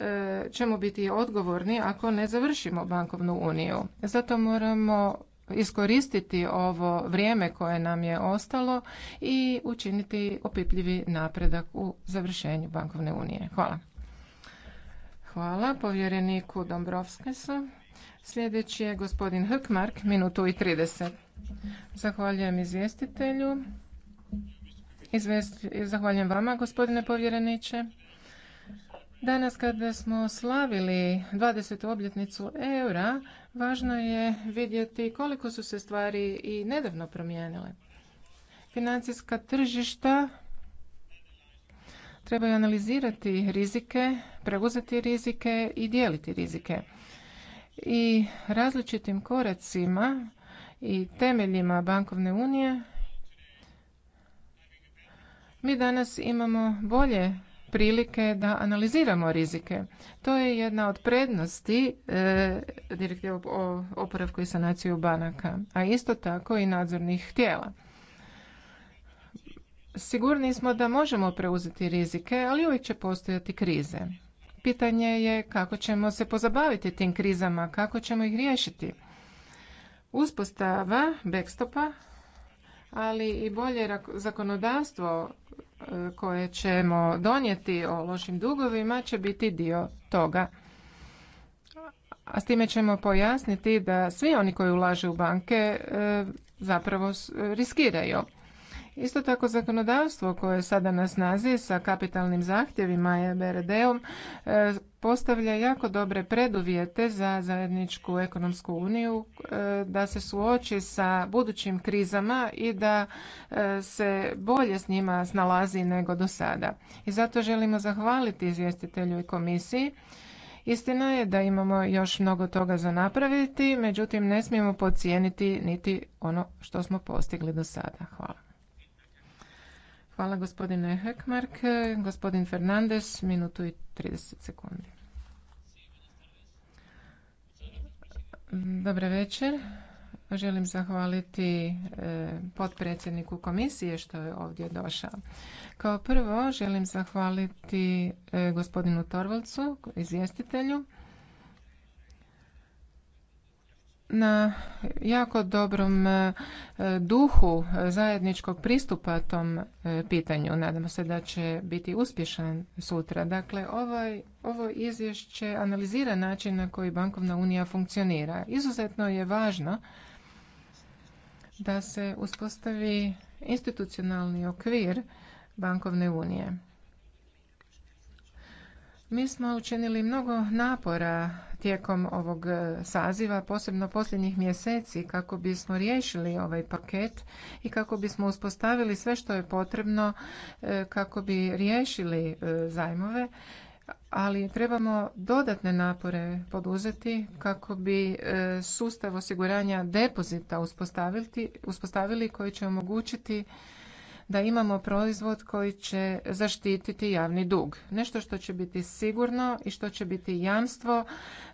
e, ćemo biti odgovorni ako ne završimo bankovnu uniju. Zato moramo iskoristiti ovo vrijeme koje nam je ostalo i učiniti opipljivi napredak u završenju bankovne unije. Hvala. Hvala povjereniku Dombrovskisu. Sljedeći je gospodin Hrkmark, minutu i 30. Zahvaljujem izvjestitelju. zahvaljujem vama, gospodine povjereniče. Danas kada smo slavili 20. obljetnicu eura, važno je vidjeti koliko su se stvari i nedavno promijenile. Financijska tržišta trebaju analizirati rizike, preuzeti rizike i dijeliti rizike i različitim koracima i temeljima bankovne unije mi danas imamo bolje prilike da analiziramo rizike. To je jedna od prednosti e, direktive o oporavku i sanaciju banaka, a isto tako i nadzornih tijela. Sigurni smo da možemo preuzeti rizike, ali uvijek će postojati krize pitanje je kako ćemo se pozabaviti tim krizama, kako ćemo ih riješiti. Uspostava backstopa, ali i bolje zakonodavstvo e, koje ćemo donijeti o lošim dugovima će biti dio toga. A s time ćemo pojasniti da svi oni koji ulažu u banke e, zapravo riskiraju. Isto tako zakonodavstvo koje je sada na snazi sa kapitalnim zahtjevima i BRD-om e, postavlja jako dobre preduvjete za zajedničku ekonomsku uniju e, da se suoči sa budućim krizama i da e, se bolje s njima snalazi nego do sada. I zato želimo zahvaliti izvjestitelju i komisiji Istina je da imamo još mnogo toga za napraviti, međutim ne smijemo podcijeniti niti ono što smo postigli do sada. Hvala. Hvala gospodine Hekmark. Gospodin Fernandez, minutu i 30 sekundi. Dobar večer. Želim zahvaliti e, potpredsjedniku komisije što je ovdje došao. Kao prvo želim zahvaliti e, gospodinu Torvalcu, izvjestitelju na jako dobrom e, duhu zajedničkog pristupa tom e, pitanju. Nadamo se da će biti uspješan sutra. Dakle, ovaj, ovo izvješće analizira način na koji bankovna unija funkcionira. Izuzetno je važno da se uspostavi institucionalni okvir bankovne unije. Mi smo učinili mnogo napora tijekom ovog e, saziva, posebno posljednjih mjeseci, kako bismo riješili ovaj paket i kako bismo uspostavili sve što je potrebno e, kako bi riješili e, zajmove ali trebamo dodatne napore poduzeti kako bi sustav osiguranja depozita uspostavili koji će omogućiti da imamo proizvod koji će zaštititi javni dug. Nešto što će biti sigurno i što će biti jamstvo,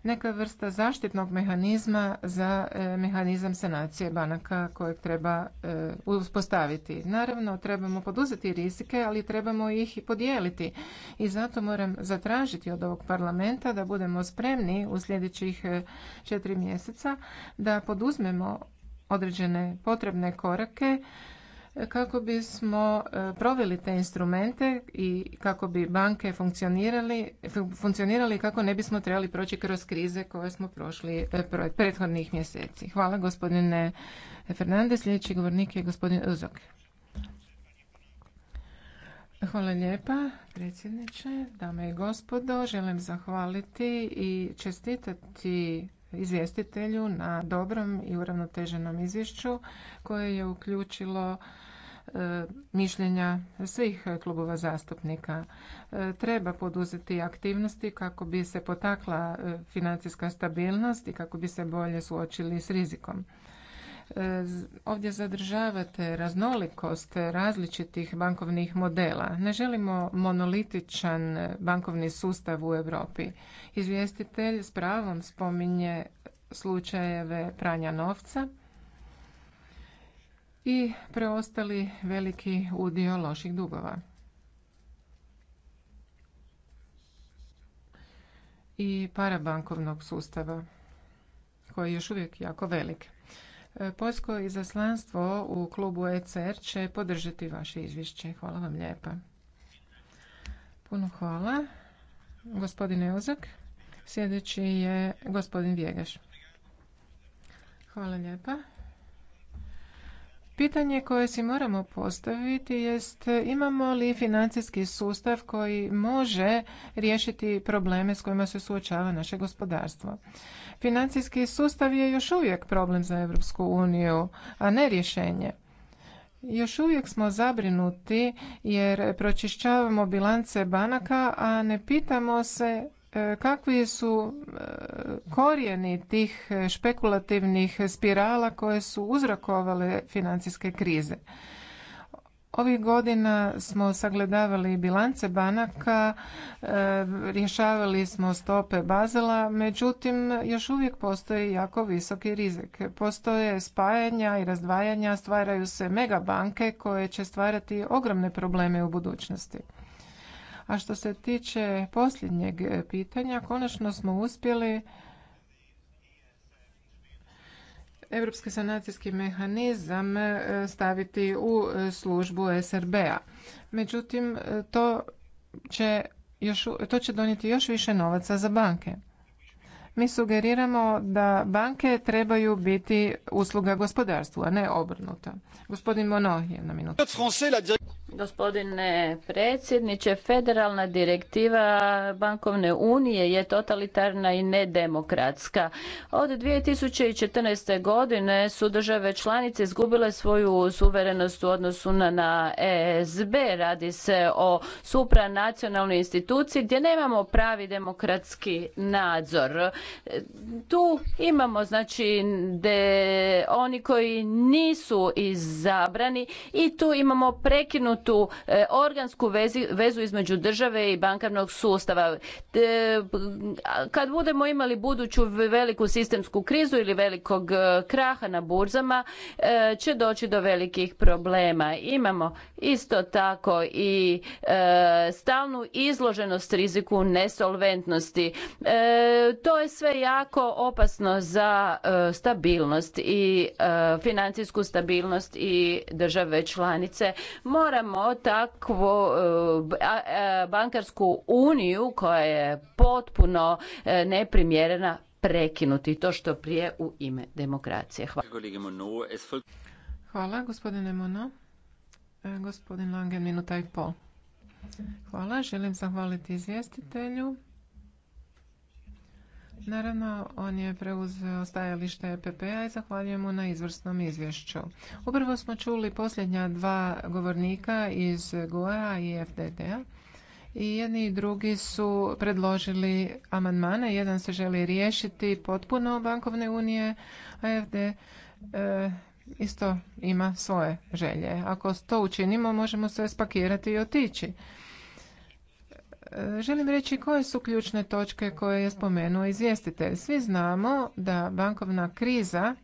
neka vrsta zaštitnog mehanizma za e, mehanizam sanacije banaka kojeg treba e, uspostaviti. Naravno, trebamo poduzeti rizike, ali trebamo ih i podijeliti. I zato moram zatražiti od ovog parlamenta da budemo spremni u sljedećih e, četiri mjeseca da poduzmemo određene potrebne korake kako bismo e, proveli te instrumente i kako bi banke funkcionirali, funkcionirali kako ne bismo trebali proći kroz krize koje smo prošli e, prethodnih mjeseci. Hvala gospodine Fernandez. Sljedeći govornik je gospodin Uzok. Hvala lijepa, predsjedniče, dame i gospodo. Želim zahvaliti i čestitati izvjestitelju na dobrom i uravnoteženom izvješću koje je uključilo E, mišljenja svih klubova zastupnika. E, treba poduzeti aktivnosti kako bi se potakla e, financijska stabilnost i kako bi se bolje suočili s rizikom. Ovdje zadržavate raznolikost različitih bankovnih modela. Ne želimo monolitičan bankovni sustav u Europi. Izvjestitelj s pravom spominje slučajeve pranja novca i preostali veliki udio loših dugova. i parabankovnog sustava koji je još uvijek jako velik. E, Poljsko izaslanstvo u klubu ECR će podržati vaše izvješće. Hvala vam lijepa. Puno hvala. Gospodine Ozak. Sljedeći je gospodin Vjegaš. Hvala lijepa. Pitanje koje si moramo postaviti jest imamo li financijski sustav koji može riješiti probleme s kojima se suočava naše gospodarstvo. Financijski sustav je još uvijek problem za Europsku uniju, a ne rješenje. Još uvijek smo zabrinuti jer pročišćavamo bilance banaka, a ne pitamo se E, kakvi su e, korijeni tih špekulativnih spirala koje su uzrokovale financijske krize. Ovih godina smo sagledavali bilance banaka, e, rješavali smo stope bazela, međutim još uvijek postoji jako visoki rizik. Postoje spajanja i razdvajanja, stvaraju se megabanke koje će stvarati ogromne probleme u budućnosti. A što se tiče posljednjeg pitanja, konačno smo uspjeli Europski sanacijski mehanizam e, staviti u e, službu SRB-a. Međutim, e, to će, još, to će donijeti još više novaca za banke. Mi sugeriramo da banke trebaju biti usluga gospodarstvu, a ne obrnuta. Gospodin Mono, jedna minuta. Gospodine predsjedniče, federalna direktiva bankovne unije je totalitarna i nedemokratska. Od 2014. godine su države članice izgubile svoju suverenost u odnosu na ESB. Radi se o supranacionalnoj instituciji gdje nemamo pravi demokratski nadzor. Tu imamo znači de, oni koji nisu izabrani i tu imamo prekinut tu e, organsku vezu između države i bankarnog sustava. E, kad budemo imali buduću veliku sistemsku krizu ili velikog e, kraha na burzama će doći do velikih problema. Imamo isto tako i stalnu izloženost riziku nesolventnosti. To je sve jako opasno za stabilnost i financijsku stabilnost i države članice. Moramo imamo takvu e, e, bankarsku uniju koja je potpuno e, neprimjerena prekinuti to što prije u ime demokracije. Hvala. Hvala gospodine Mono. Gospodin Lange, minuta i pol. Hvala. Želim zahvaliti izvjestitelju Naravno, on je preuzeo stajalište EPP-a i zahvaljujemo na izvrsnom izvješću. Upravo smo čuli posljednja dva govornika iz GUA i FDD-a. I jedni i drugi su predložili amandmane. Jedan se želi riješiti potpuno bankovne unije, a FD e, isto ima svoje želje. Ako to učinimo, možemo sve spakirati i otići. Želim reći koje su ključne točke koje je spomenuo izvjestitelj. Svi znamo da bankovna kriza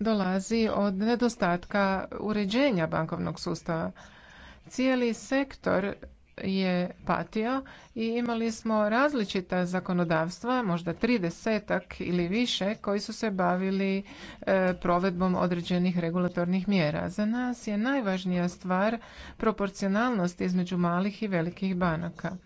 dolazi od nedostatka uređenja bankovnog sustava. Cijeli sektor je patio i imali smo različita zakonodavstva, možda tri desetak ili više, koji su se bavili e, provedbom određenih regulatornih mjera. Za nas je najvažnija stvar proporcionalnost između malih i velikih banaka.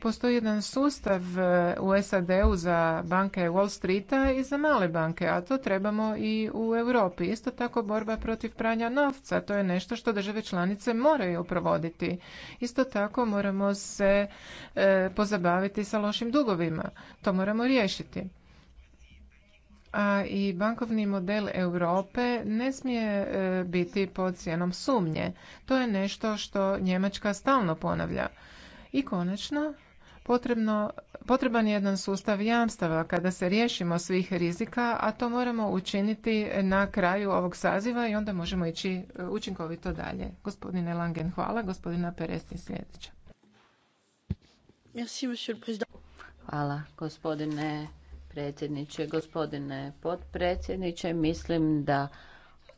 Postoji jedan sustav eh, u SAD-u za banke Wall Streeta i za male banke, a to trebamo i u Europi. Isto tako borba protiv pranja novca, to je nešto što države članice moraju provoditi. Isto tako moramo se eh, pozabaviti sa lošim dugovima. To moramo riješiti a i bankovni model Europe ne smije eh, biti pod cijenom sumnje. To je nešto što Njemačka stalno ponavlja. I konačno, Potrebno, potreban je jedan sustav jamstava kada se riješimo svih rizika, a to moramo učiniti na kraju ovog saziva i onda možemo ići e, učinkovito dalje. Gospodine Langen, hvala. Gospodina Peresti sljedeća. Hvala gospodine predsjedniče, gospodine potpredsjedniče. Mislim da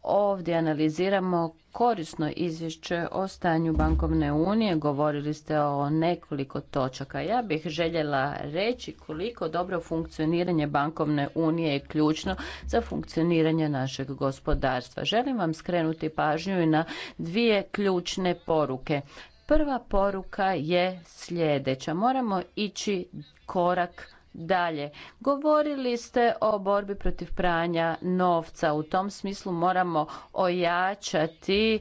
ovdje analiziramo korisno izvješće o stanju bankovne unije. Govorili ste o nekoliko točaka. Ja bih željela reći koliko dobro funkcioniranje bankovne unije je ključno za funkcioniranje našeg gospodarstva. Želim vam skrenuti pažnju i na dvije ključne poruke. Prva poruka je sljedeća. Moramo ići korak Dalje, govorili ste o borbi protiv pranja novca. U tom smislu moramo ojačati e,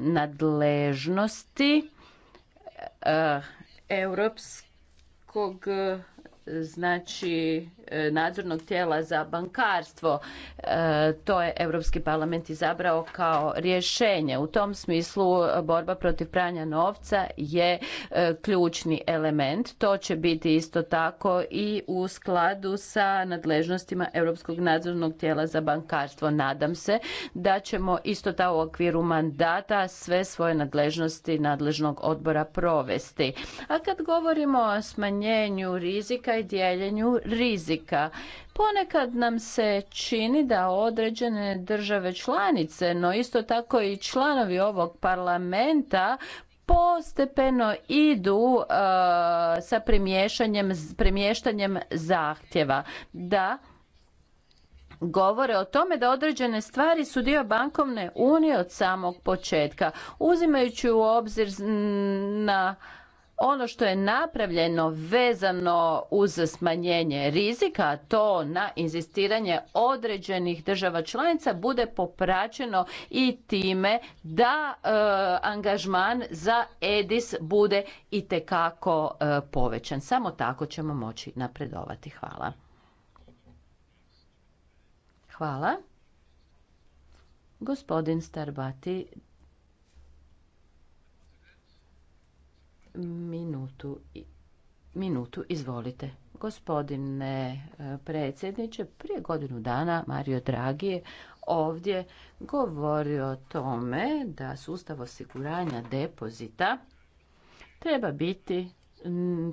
nadležnosti e, europskog uh, znači E, nadzornog tijela za bankarstvo. E, to je Europski parlament izabrao kao rješenje. U tom smislu e, borba protiv pranja novca je ključni element. To će biti isto tako i u skladu sa nadležnostima Europskog nadzornog tijela za bankarstvo. Nadam se da ćemo isto tako u okviru mandata sve svoje nadležnosti nadležnog odbora provesti. A kad govorimo o smanjenju rizika i dijeljenju rizika, Ponekad nam se čini da određene države članice, no isto tako i članovi ovog parlamenta postepeno idu uh, sa premještanjem zahtjeva. Da, govore o tome da određene stvari su dio bankovne unije od samog početka. Uzimajući u obzir na ono što je napravljeno vezano uz smanjenje rizika, to na inzistiranje određenih država članica bude popraćeno i time da e, angažman za EDIS bude i tekako e, povećan. Samo tako ćemo moći napredovati. Hvala. Hvala. Gospodin Starbati, minutu, minutu izvolite. Gospodine e, predsjedniče, prije godinu dana Mario Draghi je ovdje govorio o tome da sustav osiguranja depozita treba biti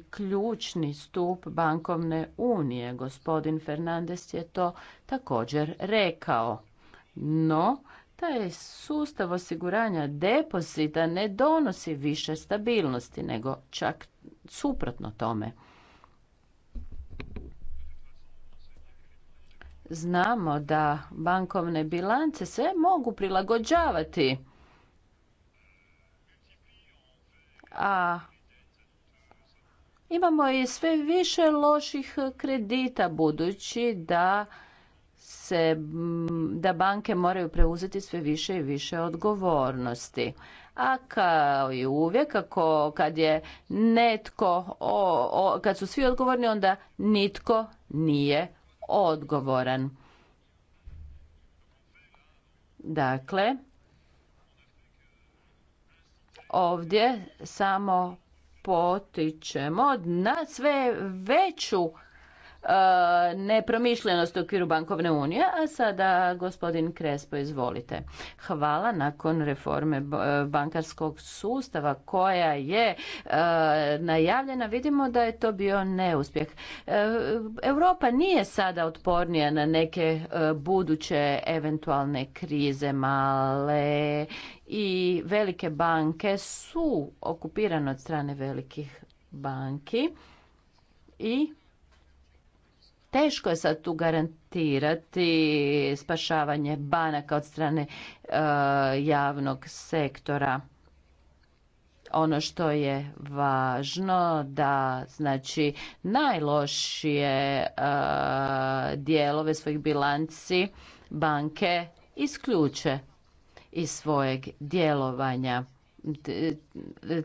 ključni stup bankovne unije. Gospodin Fernandez je to također rekao. No, taj sustav osiguranja depozita ne donosi više stabilnosti nego čak suprotno tome. Znamo da bankovne bilance se mogu prilagođavati. A imamo i sve više loših kredita budući da se, mm, da banke moraju preuzeti sve više i više odgovornosti. A kao i uvijek, ako, kad je netko, o, kad su svi odgovorni, onda nitko nije odgovoran. Dakle, ovdje samo potičemo na sve veću E, nepromišljenost u okviru bankovne unije. A sada gospodin Krespo, izvolite. Hvala nakon reforme e, bankarskog sustava koja je e, najavljena. Vidimo da je to bio neuspjeh. Europa nije sada otpornija na neke buduće eventualne krize male i velike banke su okupirane od strane velikih banki i Teško je sad tu garantirati spašavanje banaka od strane e, javnog sektora. Ono što je važno da znači najlošije e, dijelove svojih bilanci banke isključe iz svojeg djelovanja.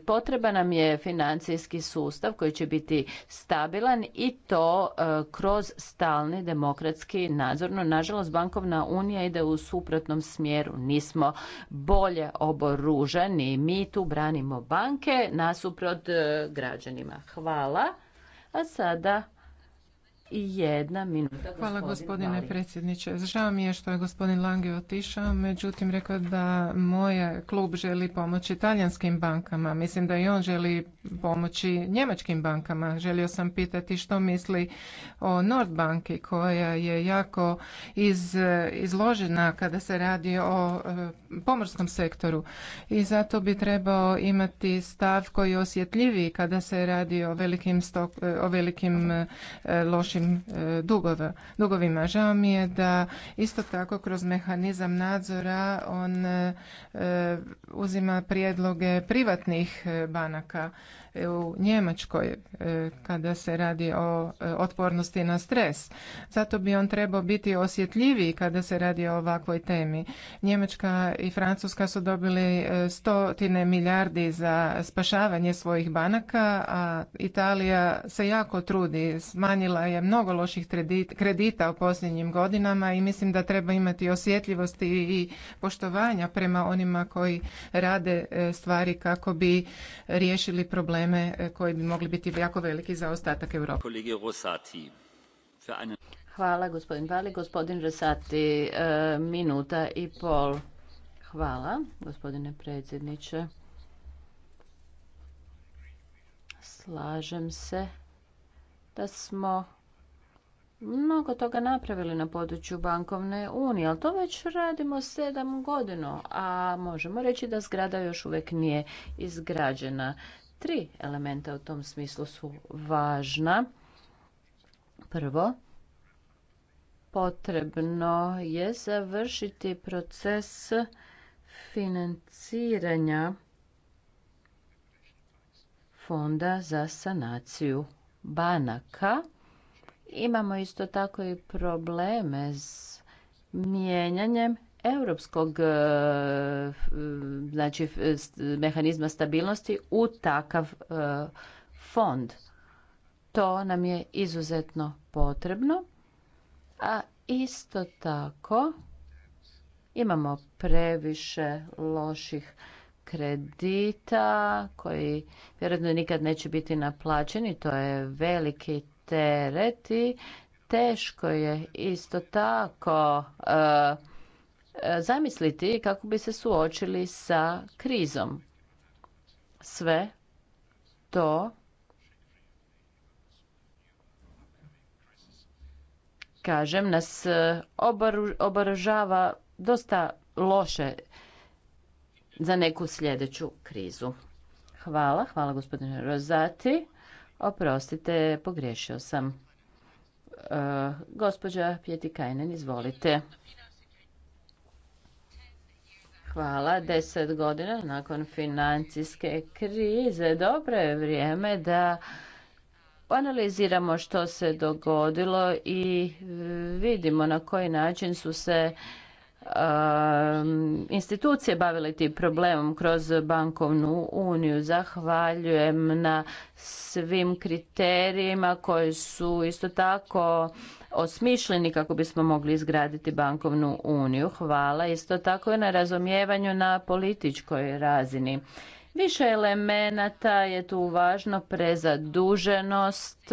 Potreba nam je financijski sustav koji će biti stabilan i to e, kroz stalni demokratski nadzor. No, nažalost, bankovna unija ide u suprotnom smjeru. Nismo bolje oboruženi. Mi tu branimo banke nasuprot e, građanima. Hvala. A sada jedna minuta. Hvala gospodine predsjedniče. Žao mi je što je gospodin Lange otišao, međutim rekao da moj klub želi pomoći talijanskim bankama. Mislim da i on želi pomoći njemačkim bankama. Želio sam pitati što misli o Nordbanki koja je jako iz, izložena kada se radi o e, pomorskom sektoru i zato bi trebao imati stav koji je osjetljiviji kada se radi o velikim, e, o velikim e, lošim E, dugovima. Žao mi je da isto tako kroz mehanizam nadzora on e, uzima prijedloge privatnih e, banaka E, u Njemačkoj e, kada se radi o e, otpornosti na stres. Zato bi on trebao biti osjetljiviji kada se radi o ovakvoj temi. Njemačka i Francuska su dobili stotine milijardi za spašavanje svojih banaka, a Italija se jako trudi. Smanjila je mnogo loših kredita u posljednjim godinama i mislim da treba imati osjetljivosti i poštovanja prema onima koji rade stvari kako bi riješili problem E, koji bi mogli biti jako veliki za ostatak Europe. Hvala gospodin Vali. Gospodin Rosati, e, minuta i pol. Hvala gospodine predsjedniče. Slažem se da smo mnogo toga napravili na području bankovne unije, ali to već radimo sedam godina, a možemo reći da zgrada još uvijek nije izgrađena. Tri elementa u tom smislu su važna. Prvo, potrebno je završiti proces financiranja fonda za sanaciju banaka. Imamo isto tako i probleme s mijenjanjem europskog e, znači mehanizma stabilnosti u takav e, fond. To nam je izuzetno potrebno. A isto tako imamo previše loših kredita koji vjerojatno nikad neće biti naplaćeni. To je veliki teret i teško je isto tako e, E, zamisliti kako bi se suočili sa krizom. Sve to kažem nas e, obaražava dosta loše za neku sljedeću krizu. Hvala, hvala gospodine Rozati. Oprostite, pogriješio sam. E, gospođa Pjeti Kajnen, izvolite. Hvala. Deset godina nakon financijske krize. Dobro je vrijeme da analiziramo što se dogodilo i vidimo na koji način su se institucije bavile tim problemom kroz bankovnu uniju. Zahvaljujem na svim kriterijima koji su isto tako osmišljeni kako bismo mogli izgraditi bankovnu uniju. Hvala isto tako i na razumijevanju na političkoj razini. Više elemenata je tu važno prezaduženost,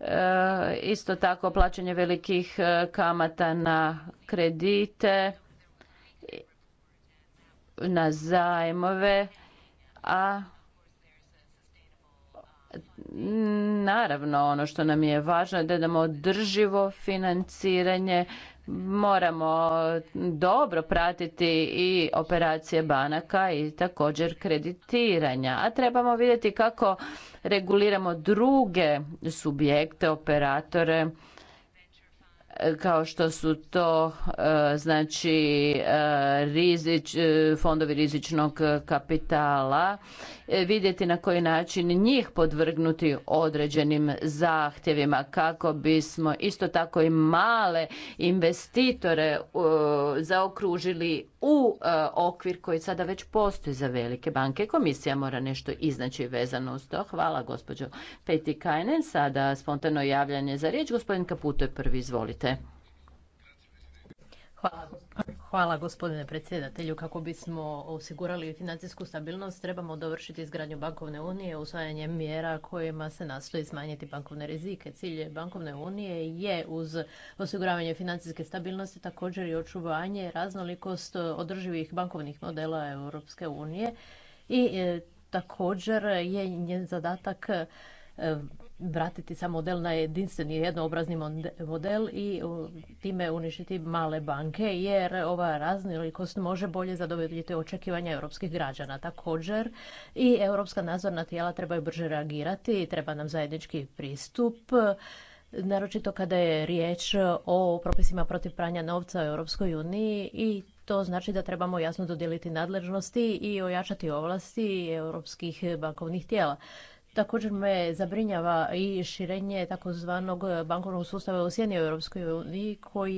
E, isto tako plaćanje velikih e, kamata na kredite, na zajmove, a naravno ono što nam je važno je da imamo održivo financiranje moramo dobro pratiti i operacije banaka i također kreditiranja. A trebamo vidjeti kako reguliramo druge subjekte, operatore, kao što su to e, znači e, e, fondovi rizičnog kapitala E, vidjeti na koji način njih podvrgnuti određenim zahtjevima kako bismo isto tako i male investitore e, zaokružili u e, okvir koji sada već postoji za velike banke. Komisija mora nešto iznaći vezano uz to. Hvala gospođo Peti Kajnen. Sada spontano javljanje za riječ. Gospodin Kaputo je prvi, izvolite. Hvala Hvala gospodine predsjedatelju. Kako bismo osigurali financijsku stabilnost, trebamo dovršiti izgradnju bankovne unije usvajanjem mjera kojima se nastoji smanjiti bankovne rizike. Cilj bankovne unije je uz osiguravanje financijske stabilnosti također i očuvanje raznolikost održivih bankovnih modela Europske unije i e, također je njen zadatak e, vratiti sam model na jedinstveni jednoobrazni model i time uništiti male banke jer ova raznolikost može bolje zadovoljiti očekivanja europskih građana. Također i europska nadzorna tijela trebaju brže reagirati i treba nam zajednički pristup naročito kada je riječ o propisima protiv pranja novca u Europskoj uniji i to znači da trebamo jasno dodijeliti nadležnosti i ojačati ovlasti europskih bankovnih tijela. Također me zabrinjava i širenje takozvanog bankovnog sustava u sjeni Europskoj uniji koji